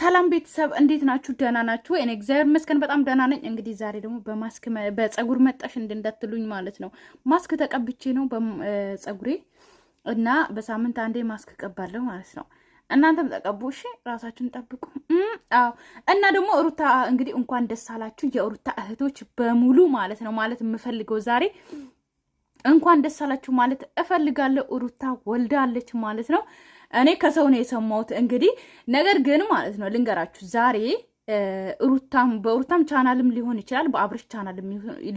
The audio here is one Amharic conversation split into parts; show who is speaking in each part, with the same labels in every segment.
Speaker 1: ሰላም ቤተሰብ እንዴት ናችሁ? ደህና ናችሁ ወይ? እኔ እግዚአብሔር ይመስገን በጣም ደህና ነኝ። እንግዲህ ዛሬ ደግሞ በማስክ በፀጉር መጣሽ እንዳትሉኝ ማለት ነው። ማስክ ተቀብቼ ነው በፀጉሬ እና በሳምንት አንዴ ማስክ እቀባለሁ ማለት ነው። እናንተም ተቀቡ እሺ፣ ራሳችሁን ጠብቁ። አዎ እና ደግሞ ሩታ እንግዲህ እንኳን ደስ አላችሁ የሩታ እህቶች በሙሉ ማለት ነው። ማለት የምፈልገው ዛሬ እንኳን ደስ አላችሁ ማለት እፈልጋለሁ። ሩታ ወልዳለች ማለት ነው። እኔ ከሰው ነው የሰማሁት። እንግዲህ ነገር ግን ማለት ነው ልንገራችሁ ዛሬ ሩታም በሩታም ቻናልም ሊሆን ይችላል፣ በአብርሽ ቻናል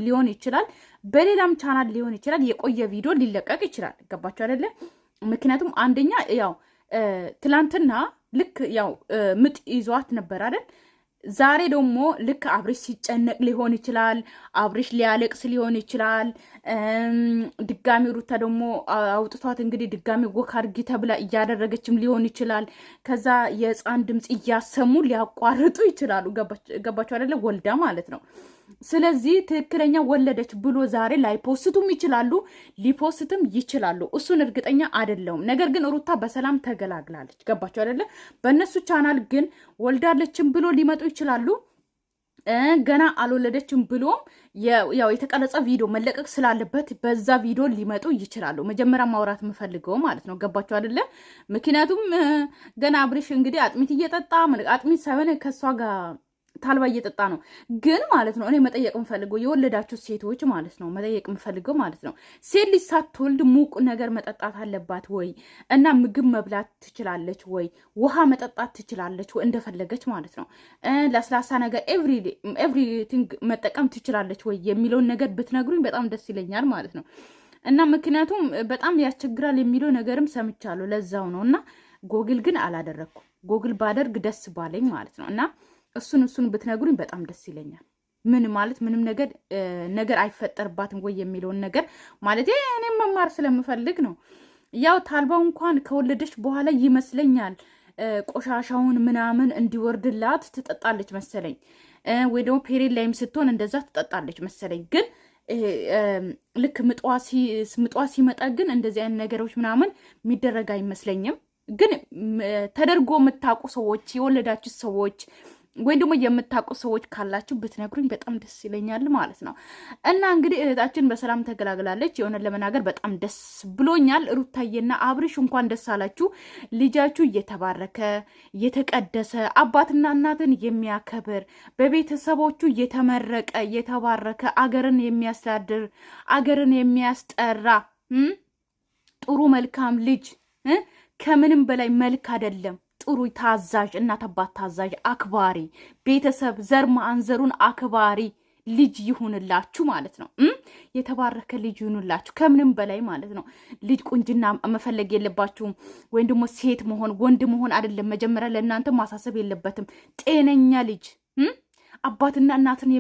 Speaker 1: ሊሆን ይችላል፣ በሌላም ቻናል ሊሆን ይችላል። የቆየ ቪዲዮ ሊለቀቅ ይችላል። ገባችሁ አይደለ? ምክንያቱም አንደኛ ያው ትላንትና ልክ ያው ምጥ ይዟት ነበር አይደል? ዛሬ ደግሞ ልክ አብርሽ ሲጨነቅ ሊሆን ይችላል። አብርሽ ሊያለቅስ ሊሆን ይችላል። ድጋሚ ሩታ ደግሞ አውጥቷት እንግዲህ ድጋሚ ወክ አድርጊ ተብላ እያደረገችም ሊሆን ይችላል። ከዛ የሕፃን ድምፅ እያሰሙ ሊያቋርጡ ይችላሉ። ገባቸው አይደለ? ወልዳ ማለት ነው ስለዚህ ትክክለኛ ወለደች ብሎ ዛሬ ላይፖስቱም ይችላሉ፣ ሊፖስትም ይችላሉ። እሱን እርግጠኛ አደለውም። ነገር ግን ሩታ በሰላም ተገላግላለች። ገባቸው አደለ? በእነሱ ቻናል ግን ወልዳለችም ብሎ ሊመጡ ይችላሉ። ገና አልወለደችም ብሎም ያው የተቀረጸ ቪዲዮ መለቀቅ ስላለበት በዛ ቪዲዮ ሊመጡ ይችላሉ። መጀመሪያ ማውራት የምፈልገው ማለት ነው። ገባቸው አደለ? ምክንያቱም ገና አብሬሽ እንግዲህ አጥሚት እየጠጣ አጥሚት ሳይሆን ከእሷ ጋር ታልባ እየጠጣ ነው። ግን ማለት ነው እኔ መጠየቅ የምፈልገው የወለዳችሁ ሴቶች ማለት ነው መጠየቅ የምፈልገው ማለት ነው ሴት ልጅ ሳትወልድ ሙቅ ነገር መጠጣት አለባት ወይ? እና ምግብ መብላት ትችላለች ወይ? ውሃ መጠጣት ትችላለች ወይ? እንደፈለገች ማለት ነው ለስላሳ ነገር ኤቭሪቲንግ መጠቀም ትችላለች ወይ የሚለውን ነገር ብትነግሩኝ በጣም ደስ ይለኛል ማለት ነው። እና ምክንያቱም በጣም ያስቸግራል የሚለው ነገርም ሰምቻለሁ። ለዛው ነው እና ጎግል ግን አላደረግኩም። ጎግል ባደርግ ደስ ባለኝ ማለት ነው እና እሱን እሱን ብትነግሩኝ በጣም ደስ ይለኛል። ምን ማለት ምንም ነገር ነገር አይፈጠርባትም ወይ የሚለውን ነገር ማለት እኔ መማር ስለምፈልግ ነው። ያው ታልባው እንኳን ከወለደች በኋላ ይመስለኛል ቆሻሻውን ምናምን እንዲወርድላት ትጠጣለች መሰለኝ፣ ወይ ደግሞ ፔሬድ ላይም ስትሆን እንደዛ ትጠጣለች መሰለኝ። ግን ልክ ምጧ ሲመጣ ግን እንደዚህ አይነት ነገሮች ምናምን የሚደረግ አይመስለኝም። ግን ተደርጎ የምታውቁ ሰዎች የወለዳችሁ ሰዎች ወይም ደግሞ የምታውቁ ሰዎች ካላችሁ ብትነግሩኝ በጣም ደስ ይለኛል ማለት ነው። እና እንግዲህ እህታችን በሰላም ተገላግላለች። የሆነ ለመናገር በጣም ደስ ብሎኛል። ሩታዬና አብርሽ እንኳን ደስ አላችሁ። ልጃችሁ እየተባረከ የተቀደሰ አባትና እናትን የሚያከብር በቤተሰቦቹ የተመረቀ የተባረከ አገርን የሚያስተዳድር አገርን የሚያስጠራ ጥሩ መልካም ልጅ ከምንም በላይ መልክ አይደለም ጥሩ ታዛዥ፣ እናት አባት ታዛዥ፣ አክባሪ ቤተሰብ፣ ዘር ማንዘሩን አክባሪ ልጅ ይሁንላችሁ ማለት ነው። የተባረከ ልጅ ይሁንላችሁ ከምንም በላይ ማለት ነው። ልጅ ቁንጅና መፈለግ የለባችሁም ወይም ደግሞ ሴት መሆን ወንድ መሆን አይደለም። መጀመሪያ ለእናንተ ማሳሰብ የለበትም። ጤነኛ ልጅ አባትና እናትን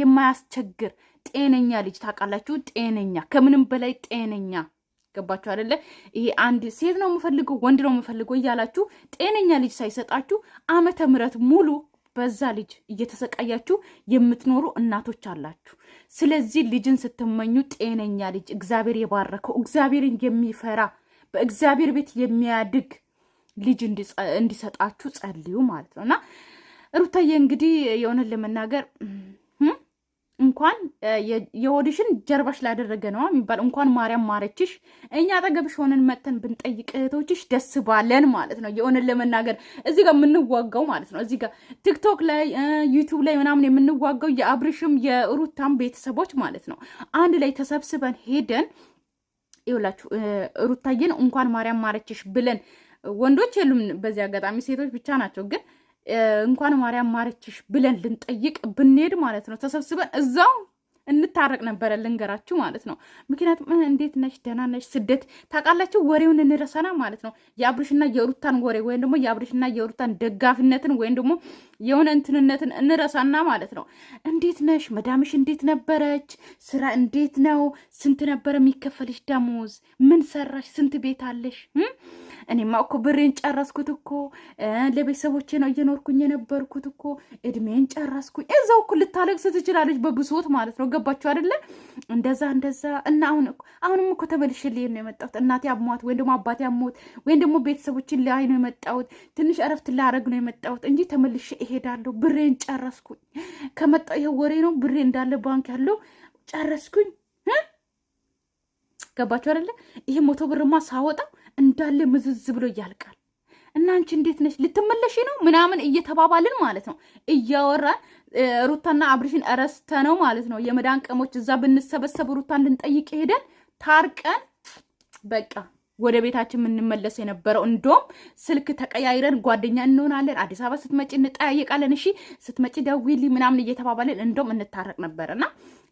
Speaker 1: የማያስቸግር ጤነኛ ልጅ ታውቃላችሁ። ጤነኛ ከምንም በላይ ጤነኛ ገባችሁ አይደለ? ይሄ አንድ ሴት ነው የምፈልገው ወንድ ነው የምፈልገው እያላችሁ ጤነኛ ልጅ ሳይሰጣችሁ ዓመተ ምሕረት ሙሉ በዛ ልጅ እየተሰቃያችሁ የምትኖሩ እናቶች አላችሁ። ስለዚህ ልጅን ስትመኙ ጤነኛ ልጅ እግዚአብሔር የባረከው እግዚአብሔርን የሚፈራ በእግዚአብሔር ቤት የሚያድግ ልጅ እንዲሰጣችሁ ጸልዩ ማለት ነው እና ሩታዬ እንግዲህ የሆነ ለመናገር እንኳን የሆድሽን ጀርባሽ ላደረገ ነዋ የሚባል እንኳን ማርያም ማረችሽ። እኛ አጠገብሽ ሆነን መጥተን ብንጠይቅ እህቶችሽ ደስ ባለን ማለት ነው። የሆነን ለመናገር እዚህ ጋር የምንዋጋው ማለት ነው። እዚህ ጋር ቲክቶክ ላይ ዩቱብ ላይ ምናምን የምንዋጋው የአብርሽም የሩታም ቤተሰቦች ማለት ነው። አንድ ላይ ተሰብስበን ሄደን ይውላችሁ ሩታዬን እንኳን ማርያም ማረችሽ ብለን ወንዶች የሉም። በዚህ አጋጣሚ ሴቶች ብቻ ናቸው ግን እንኳን ማርያም ማረችሽ ብለን ልንጠይቅ ብንሄድ ማለት ነው ተሰብስበን እዛው እንታረቅ ነበረ ልንገራችሁ ማለት ነው። ምክንያቱም እንዴት ነሽ ደህና ነሽ ስደት ታውቃላችሁ፣ ወሬውን እንረሳና ማለት ነው የአብርሽና የሩታን ወሬ ወይም ደግሞ የአብርሽና የሩታን ደጋፊነትን ወይም ደግሞ የሆነ እንትንነትን እንረሳና ማለት ነው። እንዴት ነሽ መዳምሽ እንዴት ነበረች? ስራ እንዴት ነው? ስንት ነበረ የሚከፈልሽ ደሞዝ? ምን ሰራሽ? ስንት ቤት አለሽ? እኔማ እኮ ብሬን ጨረስኩት እኮ ለቤተሰቦቼ ነው እየኖርኩኝ የነበርኩት እኮ እድሜን ጨረስኩኝ። እዛው እኮ ልታለቅስ ትችላለች በብሶት ማለት ነው። ገባችሁ አደለ? እንደዛ እንደዛ እና አሁን አሁንም እኮ ተመልሼ ልሄድ ነው የመጣሁት። እናቴ አሟት ወይም ደግሞ አባቴ አሞት ወይም ደግሞ ቤተሰቦችን ሊያይ ነው የመጣሁት። ትንሽ እረፍት ላረግ ነው የመጣሁት እንጂ ተመልሼ እሄዳለሁ። ብሬን ጨረስኩኝ። ከመጣሁ ይሄ ወሬ ነው። ብሬ እንዳለ ባንክ ያለው ጨረስኩኝ። ገባችሁ አደለ? ይሄ መቶ ብርማ ሳወጣው እንዳለ ምዝዝ ብሎ እያልቃል። እና አንቺ እንዴት ነሽ? ልትመለሽ ነው ምናምን እየተባባልን ማለት ነው እያወራን ሩታና አብሪሽን እረስተ ነው ማለት ነው። የመዳን ቀሞች እዛ ብንሰበሰብ ሩታን ልንጠይቅ ሄደን ታርቀን በቃ ወደ ቤታችን የምንመለስ የነበረው እንዲሁም ስልክ ተቀያይረን ጓደኛ እንሆናለን። አዲስ አበባ ስትመጪ እንጠያየቃለን፣ እሺ ስትመጪ ደውዪ ምናምን እየተባባለን እንዲሁም እንታረቅ ነበር። እና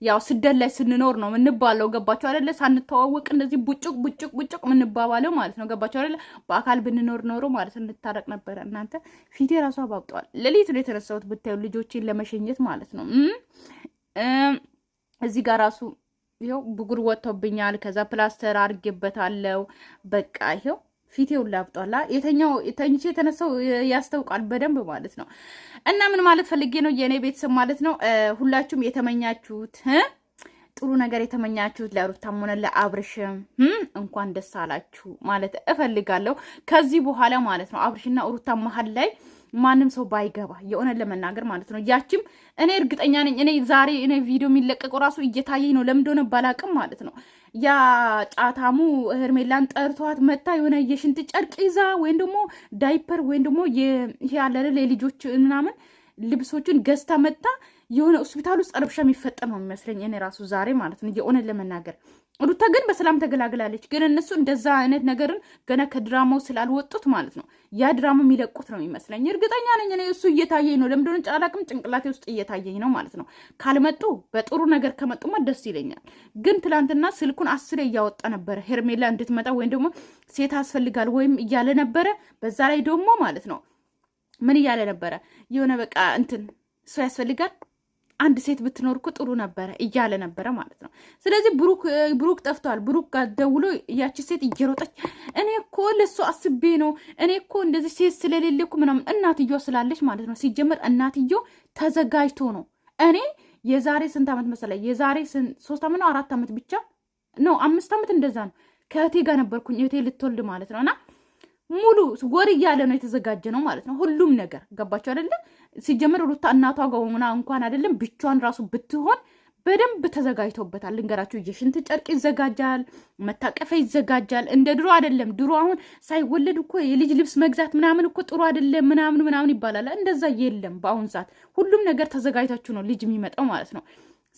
Speaker 1: ያው ስደት ላይ ስንኖር ነው የምንባለው። ገባቸው አይደለ? ሳንተዋወቅ እንደዚህ ቡጭቅ ቡጭቅ ቡጭቅ የምንባባለው ማለት ነው። ገባቸው አይደለ? በአካል ብንኖር ኖሮ ማለት ነው እንታረቅ ነበረ። እናንተ ፊቴ ራሱ አባብጠዋል። ሌሊት ነው የተነሳሁት ብታዩ፣ ልጆችን ለመሸኘት ማለት ነው። እዚህ ጋር ራሱ ይኸው ብጉር ወጥቶብኛል። ከዛ ፕላስተር አድርጌበታለሁ። በቃ ይኸው ፊቴውን ላብጧላ የተኛው ተኝቼ የተነሳው ያስታውቃል በደንብ ማለት ነው። እና ምን ማለት ፈልጌ ነው የእኔ ቤተሰብ ማለት ነው ሁላችሁም የተመኛችሁት ጥሩ ነገር የተመኛችሁት ለሩታም ሆነ ለአብርሽም እንኳን ደስ አላችሁ ማለት እፈልጋለሁ። ከዚህ በኋላ ማለት ነው አብርሽና ሩታ መሀል ላይ ማንም ሰው ባይገባ የሆነ ለመናገር ማለት ነው። ያችም እኔ እርግጠኛ ነኝ እኔ ዛሬ እኔ ቪዲዮ የሚለቀቀው ራሱ እየታየኝ ነው፣ ለምን እንደሆነ ባላቅም ማለት ነው። ያ ጫታሙ ሄርሜላን ጠርቷት መታ የሆነ የሽንት ጨርቅ ይዛ ወይም ደግሞ ዳይፐር ወይም ደግሞ ይሄ ያለ ለልጆች ምናምን ልብሶቹን ገዝታ መታ የሆነ ሆስፒታል ውስጥ ረብሻ የሚፈጠር ነው የሚመስለኝ እኔ ራሱ ዛሬ ማለት ነው የሆነ ለመናገር ሩታ ግን በሰላም ተገላግላለች። ግን እነሱ እንደዛ አይነት ነገርን ገና ከድራማው ስላልወጡት ማለት ነው ያ ድራማ የሚለቁት ነው የሚመስለኝ። እርግጠኛ ነኝ እኔ እሱ እየታየኝ ነው፣ ለምደሆነ ጫላቅም ጭንቅላቴ ውስጥ እየታየኝ ነው ማለት ነው። ካልመጡ በጥሩ ነገር ከመጡማ ደስ ይለኛል። ግን ትላንትና ስልኩን አስሬ እያወጣ ነበረ ሄርሜላ እንድትመጣ ወይም ደግሞ ሴት አስፈልጋል ወይም እያለ ነበረ። በዛ ላይ ደግሞ ማለት ነው ምን እያለ ነበረ የሆነ በቃ እንትን እሱ ያስፈልጋል አንድ ሴት ብትኖር እኮ ጥሩ ነበረ እያለ ነበረ ማለት ነው። ስለዚህ ብሩክ ጠፍቷል። ብሩክ ጋር ደውሎ ያቺ ሴት እየሮጠች እኔ እኮ ለሱ አስቤ ነው እኔ እኮ እንደዚህ ሴት ስለሌለ እኮ ምናምን እናትዮ ስላለች ማለት ነው። ሲጀመር እናትዮ ተዘጋጅቶ ነው። እኔ የዛሬ ስንት ዓመት መሰለኝ የዛሬ ሶስት ዓመት ነው አራት ዓመት ብቻ ነው አምስት ዓመት እንደዛ ነው ከእቴ ጋር ነበርኩኝ እቴ ልትወልድ ማለት ነው እና ሙሉ ጎር እያለ ነው የተዘጋጀ ነው ማለት ነው። ሁሉም ነገር ገባቸው አይደለም። ሲጀምር ሩታ እናቷ ጋር እንኳን አይደለም ብቻዋን ራሱ ብትሆን በደንብ ተዘጋጅቶበታል። ልንገራችሁ፣ የሽንት ጨርቅ ይዘጋጃል፣ መታቀፊያ ይዘጋጃል። እንደ ድሮ አይደለም። ድሮ አሁን ሳይወለድ እኮ የልጅ ልብስ መግዛት ምናምን እኮ ጥሩ አይደለም ምናምን ምናምን ይባላል። እንደዛ የለም። በአሁን ሰዓት ሁሉም ነገር ተዘጋጅታችሁ ነው ልጅ የሚመጣው ማለት ነው።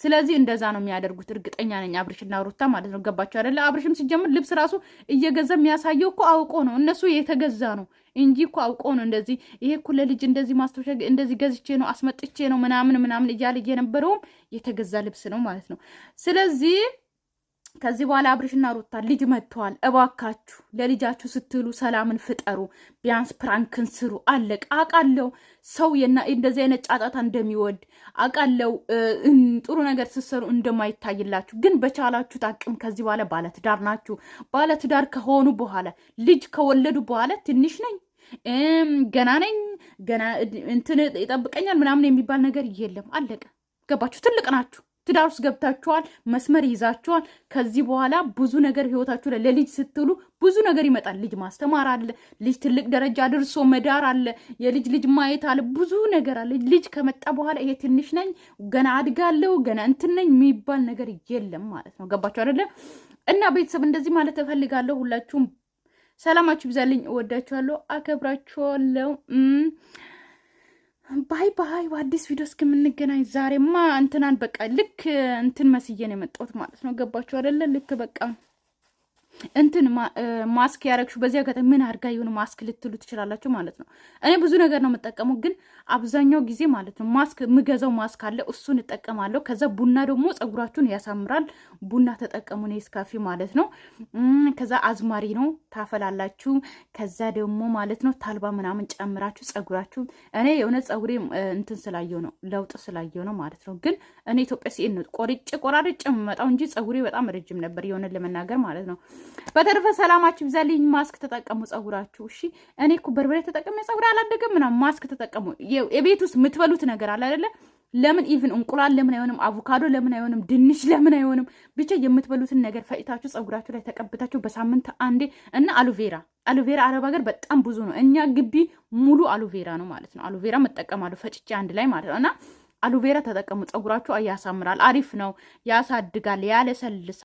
Speaker 1: ስለዚህ እንደዛ ነው የሚያደርጉት። እርግጠኛ ነኝ አብርሽና ሩታ ማለት ነው። ገባቸው አደለ? አብርሽም ሲጀምር ልብስ ራሱ እየገዛ የሚያሳየው እኮ አውቆ ነው። እነሱ የተገዛ ነው እንጂ እኮ አውቆ ነው። እንደዚህ ይሄ እኮ ለልጅ እንደዚህ ማስታወሻ እንደዚህ ገዝቼ ነው አስመጥቼ ነው ምናምን ምናምን እያለ እየነበረውም የተገዛ ልብስ ነው ማለት ነው። ስለዚህ ከዚህ በኋላ አብርሽና ሩታ ልጅ መጥተዋል። እባካችሁ ለልጃችሁ ስትሉ ሰላምን ፍጠሩ፣ ቢያንስ ፕራንክን ስሩ። አለቅ አቃለው ሰው እንደዚህ አይነት ጫጣታ እንደሚወድ አቃለው። ጥሩ ነገር ስትሰሩ እንደማይታይላችሁ ግን በቻላችሁ ጣቅም ከዚህ በኋላ ባለትዳር ናችሁ። ባለትዳር ከሆኑ በኋላ ልጅ ከወለዱ በኋላ ትንሽ ነኝ ገና ነኝ ገና እንትን ይጠብቀኛል ምናምን የሚባል ነገር የለም። አለቀ። ገባችሁ? ትልቅ ናችሁ። ትዳር ውስጥ ገብታችኋል፣ መስመር ይዛችኋል። ከዚህ በኋላ ብዙ ነገር ህይወታችሁ ላይ ለልጅ ስትሉ ብዙ ነገር ይመጣል። ልጅ ማስተማር አለ፣ ልጅ ትልቅ ደረጃ ደርሶ መዳር አለ፣ የልጅ ልጅ ማየት አለ፣ ብዙ ነገር አለ። ልጅ ከመጣ በኋላ ይሄ ትንሽ ነኝ፣ ገና አድጋለሁ፣ ገና እንትን ነኝ የሚባል ነገር የለም ማለት ነው። ገባችሁ አይደለ? እና ቤተሰብ እንደዚህ ማለት እፈልጋለሁ። ሁላችሁም ሰላማችሁ ይብዛልኝ። እወዳችኋለሁ፣ አከብራችኋለሁ። ባይ ባይ። በአዲስ ቪዲዮ እስከምንገናኝ ዛሬማ እንትናን በቃ ልክ እንትን መስየን የመጣሁት ማለት ነው። ገባችሁ አይደለ? ልክ በቃ እንትን ማስክ ያረግሹ። በዚህ አጋጣሚ ምን አድርጋ የሆነ ማስክ ልትሉ ትችላላችሁ ማለት ነው። እኔ ብዙ ነገር ነው የምጠቀመው፣ ግን አብዛኛው ጊዜ ማለት ነው ማስክ የምገዛው ማስክ አለ፣ እሱን እጠቀማለሁ። ከዛ ቡና ደግሞ ጸጉራችሁን ያሳምራል። ቡና ተጠቀሙ፣ ኔስካፌ ማለት ነው። ከዛ አዝማሪ ነው ታፈላላችሁ። ከዛ ደግሞ ማለት ነው ታልባ ምናምን ጨምራችሁ ጸጉራችሁ። እኔ የሆነ ጸጉሬ እንትን ስላየው ነው ለውጥ ስላየው ነው ማለት ነው። ግን እኔ ኢትዮጵያ ሲሄድ ነው ቆርጬ ቆራርጬ የምመጣው እንጂ ጸጉሬ በጣም ረጅም ነበር የሆነ ለመናገር ማለት ነው። በተረፈ ሰላማችሁ ብዛልኝ። ማስክ ተጠቀሙ ጸጉራችሁ። እሺ እኔ እኮ በርበሬ ተጠቀሙ፣ ጸጉሬ አላደገም ምናምን። ማስክ ተጠቀሙ። የቤት ውስጥ የምትበሉት ነገር አለ አይደለ ለምን ኢቭን እንቁላል ለምን አይሆንም? አቮካዶ ለምን አይሆንም? ድንች ለምን አይሆንም? ብቻ የምትበሉትን ነገር ፈጭታችሁ ፀጉራችሁ ላይ ተቀብታችሁ በሳምንት አንዴ እና አሉቬራ አሉቬራ አረብ ሀገር በጣም ብዙ ነው። እኛ ግቢ ሙሉ አሉቬራ ነው ማለት ነው። አሉቬራ መጠቀማሉ ፈጭቼ አንድ ላይ ማለት ነው እና አሉቬራ ተጠቀሙ። ፀጉራችሁ ያሳምራል፣ አሪፍ ነው፣ ያሳድጋል፣ ያለሰልሳል።